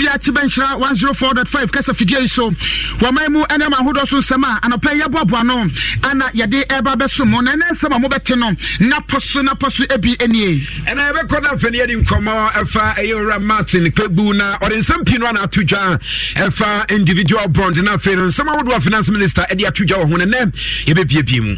bia te bɛnhyira 104.5 kasa fidie yi so wɔman mu ne ma ahodoɔ so nsɛm a anɔpɛ yɛboaboa no ana yɛde ɛba bɛso mu na ɛnɛ nsɛm a mobɛte no napɔ so napɔ so bi nie ɛna yɛbɛkɔ da afɛne yɛde nkɔmmɔ ɛfa ɛyɛ owura martin kpɛbu na ɔde nsɛm pii no ana dwa ɛfa individual bond na afei no nsɛm ahodoɔ finance minister ɛde ato dwa wɔ ho nɛnɛ yɛbɛpiepie mu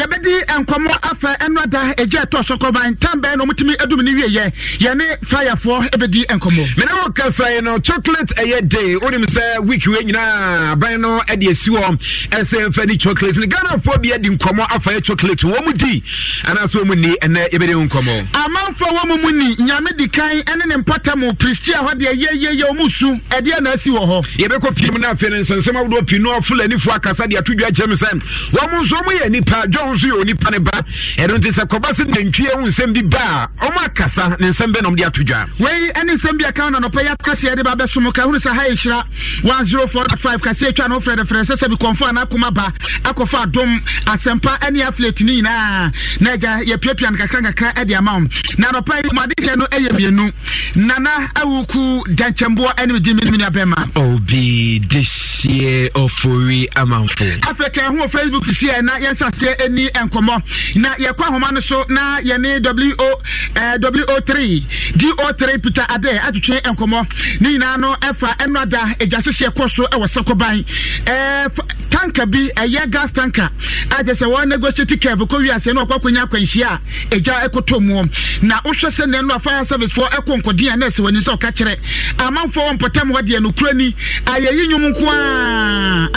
yɛbɛdi nkɔmmɔ afa ɛno ada agya ɛtɔ so kɔban tam bɛn na ɔmutumi adum ne wieyɛ yɛne fayafoɔ bɛdi nkɔmmɔ mene wɔ kasaeɛ no chocolate ɛyɛ de wonim sɛ week wei nyinaa aban no ɛde asi hɔ ɛsɛ mfa ni chocolate no ghanafoɔ bi adi nkɔmmɔ afa yɛ chocolate wɔ mu di anaasɛ wɔ mu ni ɛnɛ yɛbɛde mu nkɔmmɔ amanfoɔ wɔ mu mu ni nyame di kan ɛne ne mpata mu pristia hɔ deɛ yɛyɛyɛ wɔ mu su ɛdeɛ na asi wɔ hɔ yɛbɛkɔ pii mu no afei no nsɛnsɛm ahodoɔ pii no ɔfulanifoɔ akasa de ato dwa kyerɛ me sɛ wɔ mo nso ɔmo yɛ nnipa dwɔ nso yɛ onipa ne ba ɛno nti sɛ kɔba sɛ nantwie wo nsɛm bi ba a ɔmo akasa ne nsɛm bɛ na ɔmde ato dwa wei ɛne nsɛm bi aka na nɔpɛ yɛ akaseɛ de ba bɛso mu ka hunu sɛ ha nhyira 104.5 kaseɛ twa no wofrɛdefrɛ sɛ sɛ bikɔmfo ana akoma ba akɔfa adom asɛmpa ɛne aflet no nyinaa na agya yɛpiapia no kakrankakra de ama wo na anɔpa yi madekyɛ no ɛyɛ mmienu nana awoku dankyɛmboɔ ɛne megye me nomini abɛma obi dehyɛ ɔfori amanfo afei ka ɛho wɔ facebook siɛ na yɛnhyɛ aseɛ ɛni nkɔmmɔ na yɛkɔ ahoma no so na yɛne wo eh, wo3 do three peter ade atwetwe nkɔmmɔ ne nyinaa no ɛfa ɛnrada agya hyehyɛ kɔ so ɛwɔ sɛkɔban ɛɛ tanka bi ɛyɛ gas tanka a kyerɛ sɛ wɔn negotiate cab kɔ wiase na ɔkɔ akɔnya akwanhyia a agya mu na wohwɛ sɛ nea no fire service foɔ ɛkɔ nkɔden a nɛɛsɛ w'ani sɛ ɔka kyerɛ amanfoɔ wɔ mpɔtam hɔ deɛ nokura ni ayɛyi nnwom nko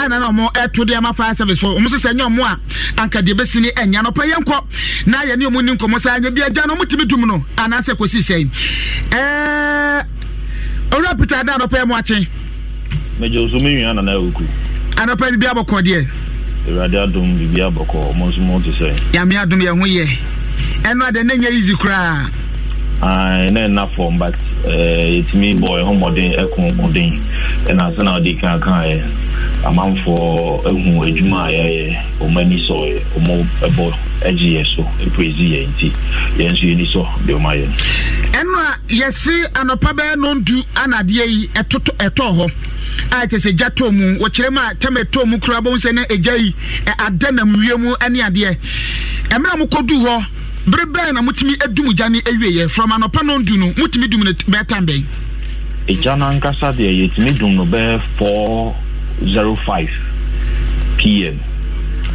a na ɔmo ɛto e, de ama fire service foɔ ɔmo sɛ sɛ nyɛ ɔmo a anka deɛ bɛsi ne ɛnya no pɛ yɛnkɔ na yɛne ɔmo ni nkɔmmɔ saa nyɛ bi agya no ɔmo tumi dum no anaasɛ kɔsi sɛn ɛɛ owura peter ada anɔpɛ mu akye mɛgya osu me nwia nana awuku anɔpɛ biribi abɔkɔ deɛ awurade adom adum abɔkɔ ɔmo nso mo te sɛ nyame adum yɛ ho yɛ ɛno ade ne nyɛ easy koraa na ɛna fam but etimi eh, bɔ ɛho mmɔden ɛko ko den ɛna sɛ na ɔde amanfoɔ ehu edwuma a yɛyɛ wɔn ani sɔ yɛ wɔn ɛbɔ yɛ so epirezi yɛ nti yɛn nso yɛn ani sɔ deɛ wɔn ayɛ. ɛnu a yɛsi anɔpa bɛyɛ nondu anadeɛ yi hɔ a yɛ sɛ gya mu wɔkyerɛ mu a tɛmɛ mu kura bɔn sɛ e e ne egya yi nam mu ɛne adeɛ ɛmɛ hɔ bere na edum gya ne ewie yɛ from anɔpa nondu no dum 05 p.m.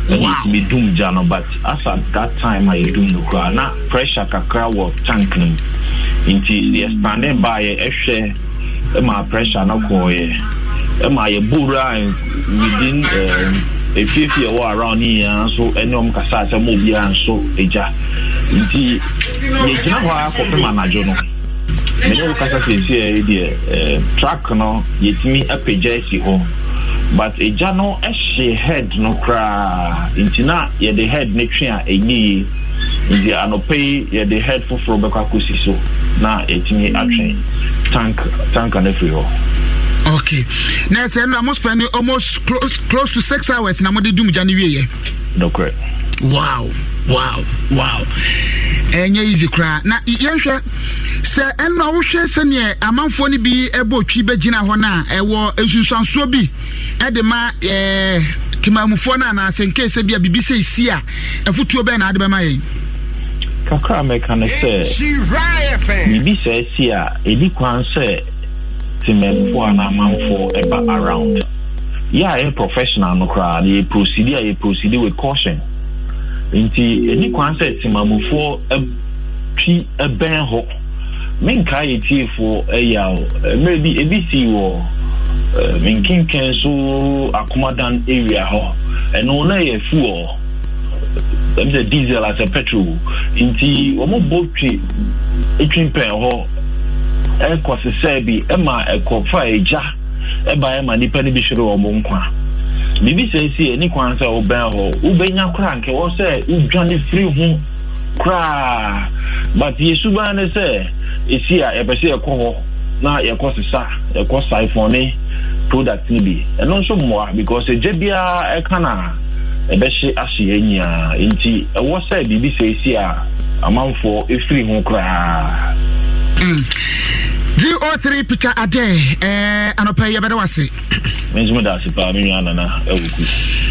Wow. dum gya jano, but as at that time I doom no kra na pressure kakra wɔ tank no. Nti the expanded by ɛhwɛ ɛma pressure no kɔɔyɛ. Ɛma yɛ bowra within um, efiefie ɛwɔ around yi yɛn nso ɛne ɔmo kasa asɛm obiara nso egya. Nti yɛgyina hɔ akɔpem anadwo no. Mene wo kasa siesie eh, deɛ eh, track no yɛtumi apagya asi hɔ. but egya no ɛhye head no koraa nti na yɛde head no twe a ɛnyɛ yie nti anɔpɛ yi yɛde head foforɔ bɛkɔ akɔsi so na yɛtumi atwe tank tank no afiri hɔ okay na ɛsɛ no a mo spend almost close, close to six hours na mode dum gya no wieɛ nokorɛ wow wow wow ɛnyɛ easy koraa na yɛnhwɛ sɛ ɛnna wohwɛ sɛneɛ amanfoɔ no bi ɛbɔ twi bɛgyina hɔ no ɛwɔ nsunsuansoɔ bi ɛde ma ɛɛ timamufoɔ no anaasɛ nkeesɛ bi a biribi sɛ esi a ɛfotuo bɛn na ade bɛma yɛn kakra mɛka no sɛ biribi sɛ esi a ɛdi kwan sɛ timamufoɔ anaamanfoɔ ɛba around yɛ a yɛ professional no koraa na yɛ prosidi a yɛ with caution nti ɛni kwan sɛ temamufoɔ twi bɛn hɔ menka yɛ tiefoɔ ɛyɛ awo mmerɛ bi ebi si wɔ nkenken so akomadan area hɔ ɛno na yɛ fuel ɛm sɛ diesel asɛ petrol nti wɔn bɔ twi etwi pɛn hɔ ɛkɔ sesɛɛ bi ɛma ɛkɔfa ɛgya ɛba ɛma nipa no bi hwere wɔn nkwa. biribi sɛ esi ani kwan sɛ wobɛn hɔ wobɛnya kora nkɛ wɔ sɛ wodwane firi ho koraa but ne sɛ a yɛpɛ sɛ na yɛkɔ sesa yɛkɔ saifɔne product no bi ɛno nso mmoa because biara ɛka na ɛbɛhye ahye yɛn nyinaa nti ɛwɔ sɛ biribi sɛ a amanfoɔ ho koraa. Mm. go 3 peter adɛ eh, anɔpɛ yi yɛbɛda wase mensom da ase paa menwa nana awɔku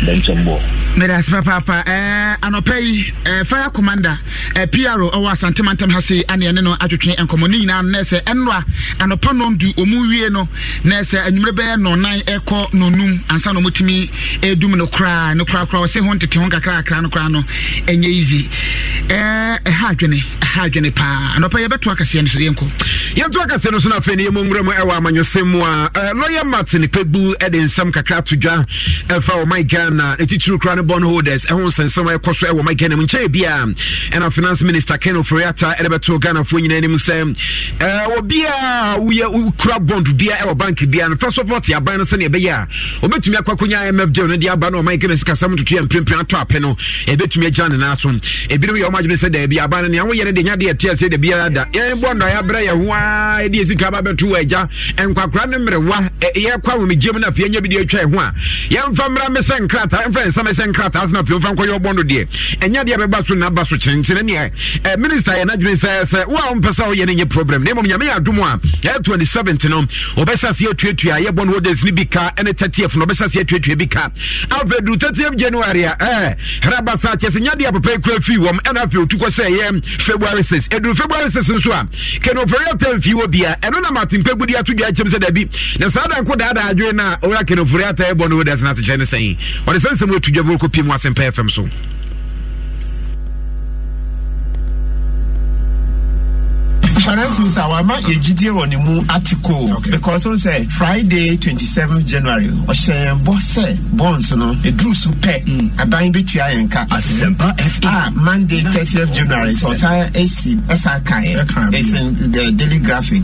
bɛnkyɛmbɔ mede ase papaapa eh, anɔpɛ yi eh, fire commander eh, pro ɔwɔ asantemantam ha se aneɛ no atwetwe nkɔmmɔ ne nyinaa no nɛ sɛ ɛno anɔpa nɔndu ɔmu wie no nɛ sɛ anwummerɛ bɛyɛ nɔnan ɛkɔ nɔnum ansa na ɔmɔtumi ɛdum no koraa eh, no korakora ɔsɛ ho ntete ho nkakrakra no koraa no ɛnyɛ easy ɛha adwene ɛha adwene paa anɔpɛ yɛbɛto akaseɛ no so yɛnkɔ yɛnto akaseɛ no so no afei ne yɛmɔ nwura mu ɛwɔ amanyɔsɛm mu a eh, lɔya martin pɛbu de nsɛm kakra to dwa ɛfa ghana kora holders ɛho nsɛnsɛm ɛkɔ so ɛwɔ ghana mu ɛna finance minister ken ɛde bɛtoo ghanafoɔ nyinaa anim sɛ eh, woyɛ bond bia ɛwɔ bank bia no aban no sɛneɛ ɛbɛyɛ a wɔbɛtumi imf no de aba no ghana sikasɛm mprempren atɔ apɛ no ɛbɛtumi ne naa so ebinom yɛ sɛ daabi no nea woyɛ no sɛ da biara da yɛ ho de sika ba bɛto wɔ agya nkwakora ne mmerewa e, e, yɛkɔ awomegye mu no afei ɛnyɛ bi deɛ atwa ho a yɛmfa mmra me sɛ nkrata ɛmfa ɛnsa me sɛ nkrataa sena afei mfa nkɔyɛ ɔbɔ no deɛ ɛnyɛ deɛ bɛba so naba so kyenkyene neɛ minista yɛ n'adwene sɛ sɛ wo a wompɛ sɛ woyɛ no nyɛ problem na mmom nyame yɛ adom a ɛyɛ 27 no wɔbɛsa se atuatua a yɛbɔ no hɔdens no bi ka ɛne 30 no wɔbɛsa se atuatua bi ka afei duru 30 january a ɛɛ sa kyɛ sɛ nyadeɛ papa yi kora fii wɔm ɛna afei ɔtu kɔ sɛ ɛyɛ february 6 ɛduru february 6 nso a kɛnofɔri atɛmfii wɔ biaa ɛno na matempa gudi ato dwa kyɛm sɛ dabi na saa da nko daadaa adwene no a ɔwura kenofori ataɛ bɔ no wodɛs no asekyerɛ ne sɛn ɔde sɛ nsɛm wɔtu dwa mu asɛmpa fm so nanso sɛ wama yɛgyidie wɔ ne mu atiko because n sɛ friday 27 january ɔhyɛn bɔ sɛ bonds no ɛduru e pɛ mm. aban bɛtua yɛn ka asɛmpa fa ah, monday 30 january sɛ ɔsan asi ɛsa kaeɛ ɛsɛ the daily graphic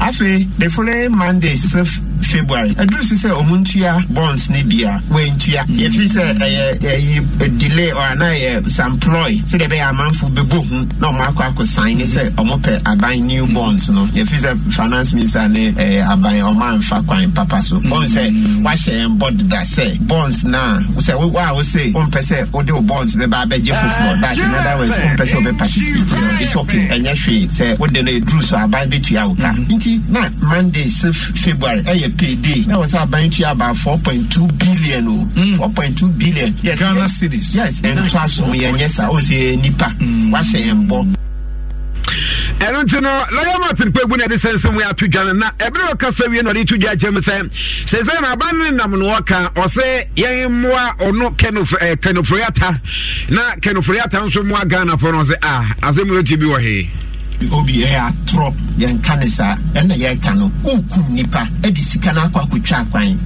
afei the following monday sif february ɛduru si sɛ ɔmo ntua bonds ne bi a wɔntua yɛfi sɛ ɛyɛ ɛyi delay or ana yɛ samploy sɛdeɛ ɛbɛyɛ amanfo bɛbɔ hu na ɔmo akɔ akɔ sign ne sɛ ɔmo pɛ aban new bonds no yɛfi sɛ finance minister ne ɛɛ eh, aban ɔmo anfa kwan papa so ɔmo sɛ wahyɛ yɛn bɔ deda sɛ bonds na sɛ wo a wosɛ ɔmpɛ sɛ wode wo bonds bɛba abɛgye foforɔ that in other words ɔmpɛ sɛ wobɛ participate no it's okay ɛnyɛ hwee sɛ wode no ɛduru so aban bɛtua wo ka mm-hmm. nti na monday sif february ɛyɛ pay that was about to about 4.2 billion oh, mm. 4.2 billion yes Ghana yes, cities yes and classroom yes I was a nipa what's a embo ɛno nti no lɔya martin pɛgu ne ɛde sɛ nsɛm wei ato dwa no na ɛberɛ ɔkasa wie na ɔde to dwa akyɛm sɛ sɛ sɛ na aba no ne nam no ɔka ɔsɛ yɛn mmoa ɔno kanoforiata na kanoforiata nso mmoa ghanafoɔ no ɔsɛ a ah, asɛm yɛti bi wɔ hee obi ɛyɛ atorɔ kanisa ɛna yɛka no wokum nipa ɛde sika akwan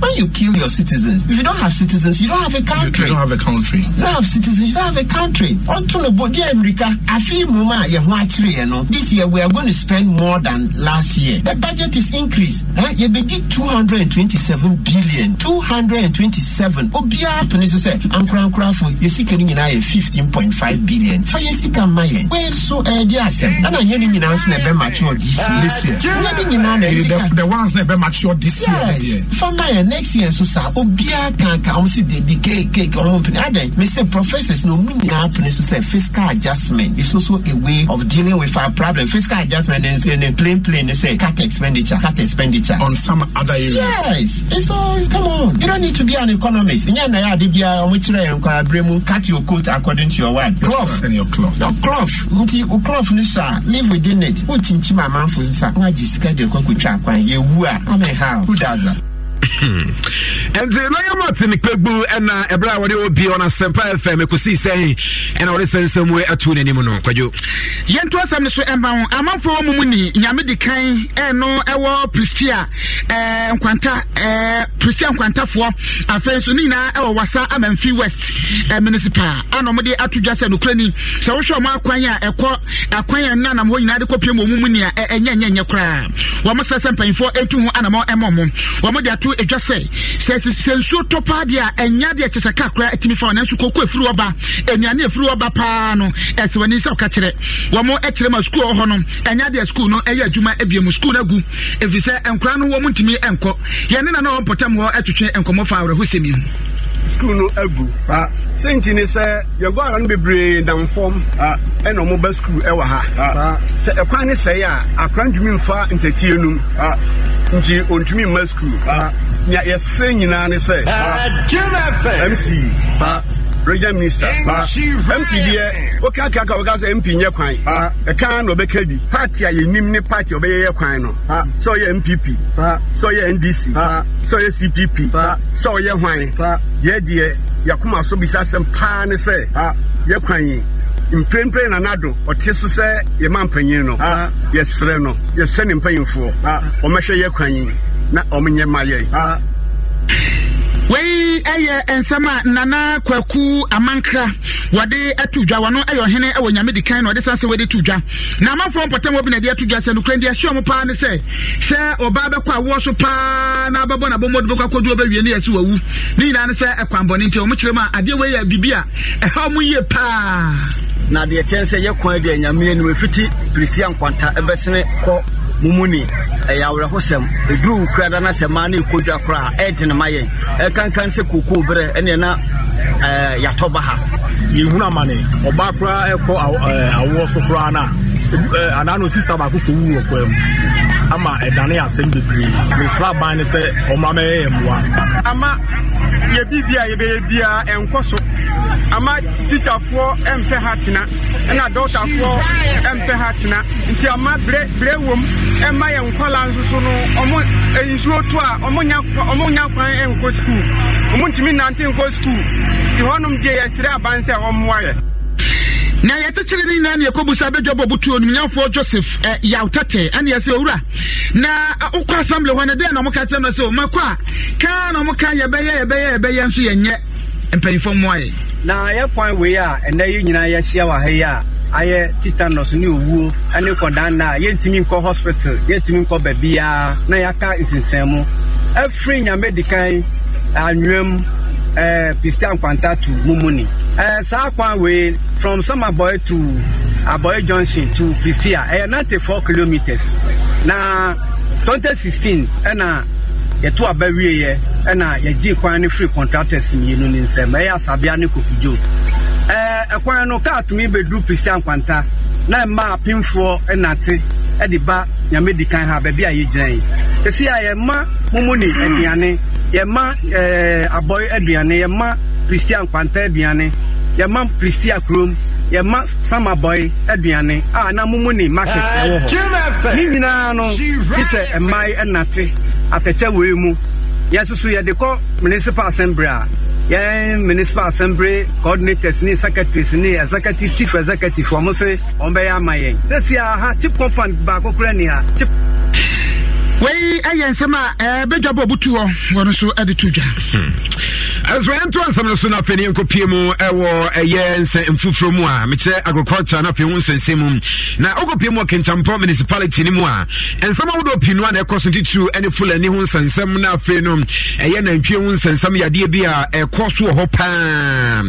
when you kill your citizens if you don't have citizens you don't have a country you don't have a country you don't have citizens you don't have a country ɔnto no bɔ deɛ mmirika afei mmom a yɛho akyerɛeɛ no this year we are going to spend more than last year the budget is increased eh? yɛbɛdi 227 billion 227 obiara pene so sɛ ankorankorafo yɛsika crying. nyinaa yɛ 15.5 billion fa yɛsika mma yɛn wei so ɛde asɛm ɛna yɛ no nyinaa nso na ɛbɛ mature this year. This year. Junior no na ɛdi The ones na be mature this year. Yes. my next year nso saa obiara kan ka ɔmo si debi cake cake ɔmo mpini adan. Me sɛ professors no ɔmo nyinaa pini so say fiscal adjustment is also a way of dealing with our problem. Fiscal adjustment is in a plain plain ne say cut expenditure cut expenditure. On some other areas. Yes. it's all come on you don't need to be an economist. Nyɛ na yɛ ade biara ɔmo kyerɛ yɛn kɔ abere mu cut your coat according to your word. Yes, cloth. Your cloth. Your cloth. Nti o cloth ni sa leave within it wokyinkyi ma amanfo nsa woagye sika de kɔkɔtwa akwan yɛwu a amɛha who does that ɛnti uh, lɔyɛ martin kpegbu ɛna ɛberɛ a wɔde obi ɔna sɛmpa fm ɛkɔsii sɛn ɛna wɔde sɛnsɛm we ato n'anim no kwadwo yɛnto asɛm no so ɛma ho amanfoɔ wɔ mu ni nyame di kan ɛno ɛwɔ pristia nkwanta pristia nkwantafoɔ afei nso eh, ne nyinaa ɛwɔ wasa amamfi west eh, municipal ana ah, ɔmode ato ah, dwa sɛ nokorɛ ni sɛ wohwɛ ɔma akwan a ɛkɔ eh, akwan a nanam hɔ nyinaa de kɔpiem wɔ mu mu ni a ɛnyɛ nyɛ nyɛ koraa wɔm sɛ sɛ mpanyimfoɔ ɛtu ho anamɔ ɛmɔ mo wɔmode ato ah, nsuo adwa sɛ sɛ sɛ nsuo tɔ paa deɛ a ɛnya deɛ kyɛ sɛ kaa koraa atumi fa nanso koko afiri ɔba anuane afiri ɔba paa no ɛsɛ w'ani sɛ ɔka kyerɛ wɔn kyerɛ ma sukuu hɔ no ɛnya deɛ sukuu no ɛyɛ adwuma abiem sukuu no agu ɛfiri sɛ nkora no wɔn ntumi nkɔ yɛne na na wɔn pɔtɛm hɔ atwitwe nkɔmɔ fa awerɛhosɛm yi ho sukuu no agu pa senti ne sɛ yɛgu ara no bebree nam fam ɛna ɔmo ba sukuu ɛwɔ ha sɛ ɛkwan ne sɛe a akora ntumi mfa ntatie num nti ontumi mma skul ah. ah, nea yɛsɛ nyinaa ne sɛ ah, mc pa regional minister pa mp deɛ wokakaka wɔka sɛ mp nyɛ kwan ɛka na ɔbɛka bi party a yɛnim ne party a ɔbɛyɛyɛ kwan no sɛ ɔyɛ mpp sɛ ɔyɛ ndc sɛ ɔyɛ cpp sɛ ɔyɛ hwan yɛ deɛ yɛakoma so bisa sɛm paa ne sɛ yɛ kwan mprempren na nado ɔte so sɛ yɛma mpanyin no ah. yɛserɛ no yɛsɛ ne mpanyimfoɔ ah. ɔmɛhwɛ yɛ kwan na ɔmenyɛ ma yɛi ah. wei ɛyɛ nsɛm a nana kwaku amankra wɔde ato dwa wɔno ɛyɛ ɔhene ɛwɔ nyame di kan na ɔde san sɛ wɔde to dwa na amanfoɔ mpɔtam wɔ bi na ɛde ato dwa sɛ nokora deɛ ɛhyɛ ɔmo paa ne sɛ sɛ ɔbaa bɛkɔ awoɔ so paa na abɛbɔ na bɔmmɔ de bɛkɔ akɔduro bɛwie ne yɛ so ne nyinaa ne sɛ ɛkwan bɔne nti ɔmo kyerɛ mu a adeɛ wei yɛ biribi a ɛha ɔmo yie paa na deɛ kyɛn sɛ yɛkwan deɛ nyame anim ɛfiti christian kwanta ɛbɛsene kɔ mumuni ɛyɛ awerɛhosɛm ɛduru krada no sɛ maa ne ɛkɔdwa koraa ɛdene ma yɛn ɛkankan sɛ kokoo berɛ ɛneɛ na yɛatɔ ba ha yɛhunu amane ɔbaa koraa ɛkɔ awoɔ so koraa no a anaa no sista baako kɔwu wɔ kwaa mu ama ɛdane asɛm bebree mesra ban ne sɛ ɔma mɛyɛ yɛ mmoa ama yɛbi bi a yɛbɛyɛ biara ɛnkɔ e so ama tikyafoɔ ɛmpɛ e ha tena ɛna e dɔktafoɔ ɛmpɛ ha tena nti ama bre bre wɔm ɛma yɛn nkɔla nsoso no ɔmo nsuo to a ɔmo nya kwan ɛnkɔ sukuu ɔmo ntumi nante nkɔ sukuu nti hɔnom deɛ yɛsrɛ aban sɛ ɔmmoa yɛ na yɛtekyere ne nyinaa ne yɛkɔbu sa bɛdwa bɔ botuo nimnyafoɔ joseph eh, yawtɛtɛ ɛne yɛ sɛ owura na wokɔ assembly hɔ no deɛ na moka kyerɛ no sɛ makɔ a kaa na moka yɛbɛyɛ yɛbɛyɛ yɛbɛyɛ nso yɛnyɛ mpanyimfoɔ mmoayɛ na yɛ kwan wei a ɛnɛ yi nyinaa yɛhyia wɔ ha yi a ayɛ tetanus ne owuo ne kɔdanna a yɛntumi nkɔ hospital yɛntumi nkɔ baabiaa na yɛaka nsensan mu afiri nyame di kan anwam eh, pistian kwantatu mu uh, saa kwan wei from samaboy to aboy junction to christia ɛyɛ ninety four kilometres na twenty sixteen ɛna yɛto aba wieɛ ɛna yɛgye kwan no firi contractors mmienu ne nsɛm ɛyɛ asabea ne kofujo ɛɛ eh, ɛkwan no kaa tumi bɛduru christia na mmaa apemfoɔ ɛnate ɛde ba nyamedi kan ha baabi a yɛgyina yi esi a yɛma mumu ne aduane yɛma ɛɛ eh, abɔy aduane pristia nkwanta aduane yɛma pristia kurom yɛma samabɔe aduane a na mumu ne market ɛwɔ hɔ ne nyinaa no gye sɛ mmaa ɛnate atɛkyɛ wei mu yɛn nso so yɛde kɔ municipal assembly a yɛn municipal assembly coordinators ne secretaries ne executive chief executive wɔn se wɔn bɛyɛ ama yɛn sɛsi a ha chip compound baako kura ni ha chip. wei ɛyɛ nsɛm a ɛbɛdwa bɔ butu hɔ wɔn nso ɛde to dwa. Hmm ɛso ɛnto ansɛm no so no afei ne yɛnkɔpie mu ɛwɔ ɛyɛ nsɛ mfufuro mu a mekyerɛ agriculture no afei ho nsɛnsɛ mu na wokɔpie mu ɔkentampɔ municipality no mu a ɛnsɛm ahodoɔ pii no a na ɛkɔ so titiriw ɛne fulani ho nsɛnsɛm no afei no ɛyɛ nantwie ho nsɛnsɛm yadeɛ bi a ɛkɔ so wɔ hɔ paa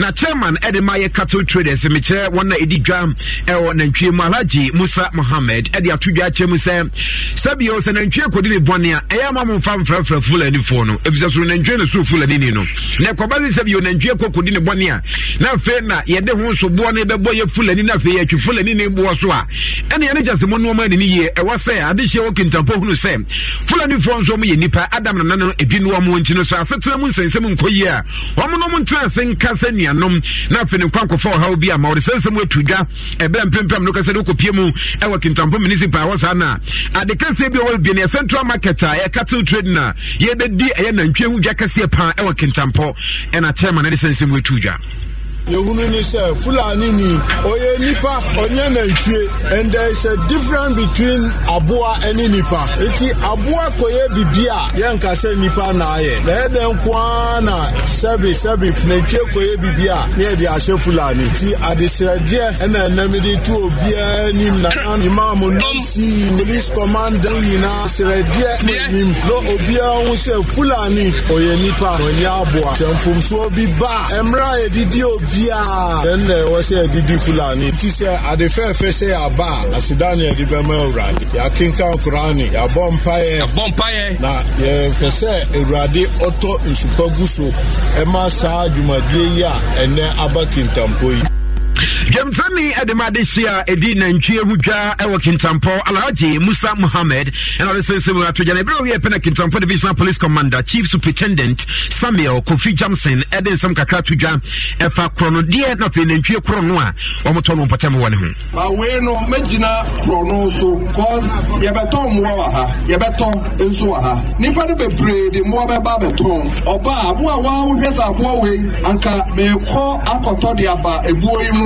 na chairman ɛde eh, ma yɛ cattle traders mekyerɛ wɔn a ɛdi dwa ɛwɔ nantwie mu alhaji musa mohammed ɛde ato dwa kyɛ mu sɛ sɛbio sɛ nantwie kɔdi ne bɔne a ɛyɛ ama mo mfa mfrɛfrɛ fulanifoɔ no ɛfisɛ soro nantwie no soro fulani ni no na ɛkɔba ne sɛ bio nantwie kɔkɔdi ne bɔne a na afei na yɛde ho nsoboɔ no bɛbɔ yɛ fulani na afei yɛatwi fulani ne boɔ so a ɛne yɛne gya sɛ mu nnoɔma ani ne yie ɛwɔ sɛ adehyeɛ wɔ kintampo hunu sɛ fulanifoɔ nso mu yɛ nnipa adam nana no ebi noa mu nti no so asetena mu nsɛnsɛm nkɔ yie a wɔn nom ntena ase nka sɛ nuanom na afei ne kwankɔfa ɔhaw bi ama wɔde sɛnsɛm atu dwa ɛbɛn mpempem no kɛsɛ de wokɔpie mu ɛwɔ kintampo municipal ɛwɔ saa na adekɛseɛ bi a wɔrebie no yɛ central market a yɛka tew trade na yɛbɛdi ɛyɛ nantwie ho dwa kɛseɛ paa ɛwɔ akintampɔ ɛna chairman ɛde sɛ nsɛm wɔatu dwa yɛhunu ne sɛ fulani ni ɔyɛ nipa ɔnyɛ nantwie and there is a difference between aboa ne nipa nti aboa kɔyɛ bibi a yɛnka sɛ nipa naayɛ na ɛyɛ dɛn nkoa na sɛbi sɛbi nantwie kɔyɛ bibi a ne de ahyɛ fulani nti adesrɛdeɛ ɛna ɛnam de to obiara anim na imam no si police commander nyinaa srɛdeɛ ne anim na obiara ho sɛ fulani oye nipa ɔnyɛ aboa sɛ mfomsoɔ bi ba mmerɛ a yɛdidi obi biara ɛnna uh, ɛwɔ sɛ ɛdidi fulani ti sɛ ade fɛɛfɛ sɛ yaba a asidani ɛde bɛma awurade yɛakenkan korani yɛabɔ mpaeɛ yɛabɔ mpaeɛ na yɛfɛ sɛ awurade ɔtɔ nsupa gu so ɛma saa dwumadie yi a ɛnɛ aba kintampo yi dwamfami ademade hyia ɛdi nantwie ho dwa ɛwɔ kintampɔ alhaji musa mohammed ɛna ɔde sɛnsɛm ato gya na ɛberɛ a wɔyɛ pɛ na kintampɔ divisional police commander chief superintendent samuel kofi jamson ɛde nsɛm kakra to dwa ɛfa korɔ na afei nantwie korɔ no a wɔmotɔ no mpɔtam wɔ ne ho ma wei no mɛgyina korɔ no so cause yɛbɛtɔ mmoa wɔ ha yɛbɛtɔ nso wɔ ha nnipa no bebree de mmoa bɛba abɛtɔn ɔbaa aboa a wohwɛ sɛ aboa wei anka meekɔ akɔtɔ de aba abuo yi mu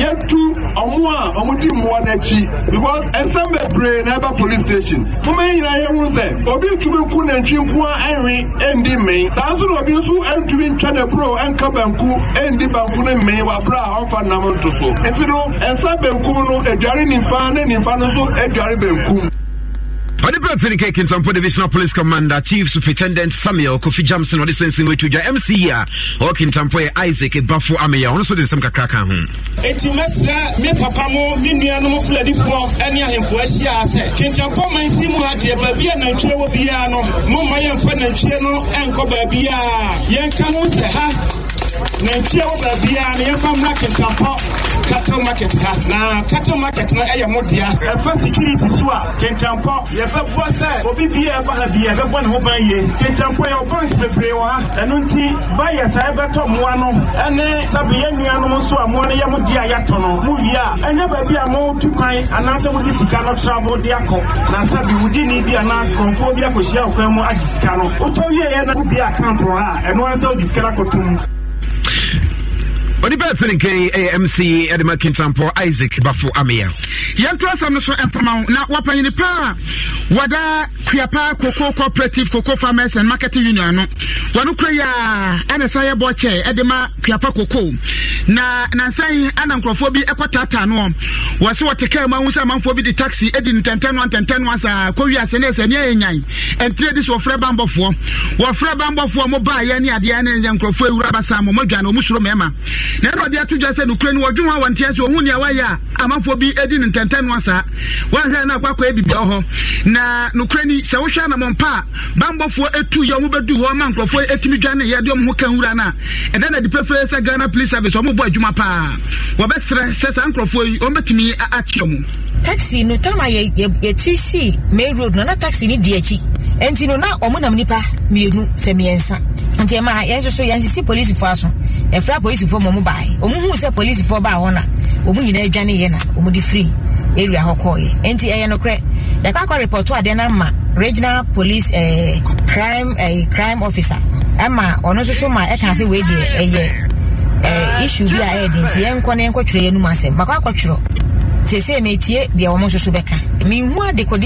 yɛtu ɔmo a ɔmo di mmoa n'akyi because nsɛm bebree na ɛba police station moma nyinaa yɛhu sɛ obi ntumi nku nantwi nko a ɛnwe ɛndi mmɛn saa nso na obi nso ɛntumi ntwa n'aburo ɛnka banku ɛndi banku ne mmɛn wɔ abere a ɔmfa nam nto so nti no nsa banku no aduare nifa ne nifa no nso aduare banku. ɔde brɛ tene kɛ kintampo divisional police commander chief superintendent samuel kofi jamson ɔde sɛnsen wɔatudwa mc a ɔwɔ kintampo yɛ isaac bafo ameyɛ ɔno nso de nsɛm kakra ka ho hmm. enti mɛsrɛ me papa mo me nuanom fuladifoɔ ne ahemfo ahyia sɛ kintampo mansi mu ha deɛ baabi a nantwie wɔ biara no momma yɛmfa nantwie no ɛnkɔ baabiaa yɛnka ho sɛ ha na nkyia wɔ baabi a na yɛfa market apɔ cattle market ha na cattle market no ɛyɛ mo dea ɛfa security so a kentampɔ yɛbɛboa sɛ obi bia ɛba ha bia ɛbɛbɔ ne ho ban yie kentampɔ yɛwɔ banks bebree wɔ ha ɛno nti bayɛ saa ɛbɛtɔ mmoa no ɛne sabe yɛ nnuanom so a mmoa no yɛ mo dea yɛatɔ no mo wie a ɛnyɛ baabi a motu kwan anaasɛ mode sika no tra de akɔ na sabe wodi ni bi anaa kurɔmfoɔ bi akɔhyia wo kwan mu agye sika no wotɔ wieɛ na wobi account wɔ ha ɛno ara sɛ wode sika no akɔtom onipa ɛtene nkɛ ɛyɛ mc ɛde ma isaac bafo ameya yɛnto asɛm no so ɛmfama wo na wapanyini paa a wada kuapa koko cooperative koko farmers and marketing union no wɔno kura yi a ɛne sa yɛbɔ kyɛ ɛde ma kuapa na nansan ana nkurɔfoɔ bi kɔtaataa no wɔ se wɔte kaa mu ahu sɛ amanfoɔ bi de taxi di ntɛntɛnoa ntɛntɛnoa saa kɔwie ase ne ɛsɛneɛ yɛ nyan ɛntire de so wɔfrɛ bambɔfoɔ wɔfrɛ bambɔfoɔ mo baa yɛ ne adeɛ ne yɛ nkurɔfoɔ awura basa mo madwane ɔmu suro mmarima na ɛna ɔde atodwa sɛ nokura no wɔdwom a wɔnteɛ sɛ ohun nea wayɛ a amanfoɔ bi di ne ntɛntɛnoa saa na no akɔakɔ abibia hɔ na nokura ni sɛ wohwɛ anamɔmpa a bambɔfoɔ ɛtu yɛ ɔmo bɛdu hɔ ma nkurɔfoɔ ɛtumi dwane yɛde ɔmo ho ka nwura no a ɛdɛ na di pefee sɛ ghana police service ɔmo bɔ adwuma paa wɔbɛsrɛ sɛ saa nkurɔfoɔ yi wɔmbɛtumi akyerɛ mu taxi no tam yɛti si may road no na taxi no di akyi nti no na ɔmo nam nipa mmienu sɛ mmiɛnsa nti ɛma yɛn nso so yɛnsisi polisifoɔ aso yɛfra polisifoɔ ma ɔmo baeɛ ɔmo hu sɛ polisifoɔ baa hɔ na ɔmo nyinaa adwane yɛ na ɔmo de firi area hɔ kɔɔyɛ nti ɛyɛ nokorɛ yɛkɔ akɔ repɔtɔ adeɛ no ama regional police eh, crime eh, crime officer ɛma ɔno nso ma ɛka sɛ wei deɛ ɛyɛ ɛɛ eh, issue bi a ɛyɛ den ti yɛn nkɔ ne nkɔ twerɛ yɛn numu asɛm makɔ akɔ twerɛ tese metie deɛ wɔn nso so bɛka mihu adekode.